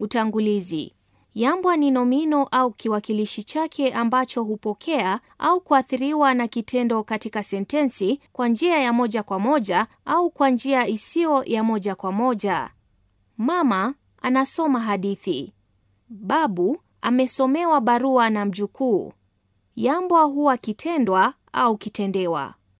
Utangulizi. Yambwa ni nomino au kiwakilishi chake ambacho hupokea au kuathiriwa na kitendo katika sentensi kwa njia ya moja kwa moja au kwa njia isiyo ya moja kwa moja. Mama anasoma hadithi. Babu amesomewa barua na mjukuu. Yambwa huwa kitendwa au kitendewa.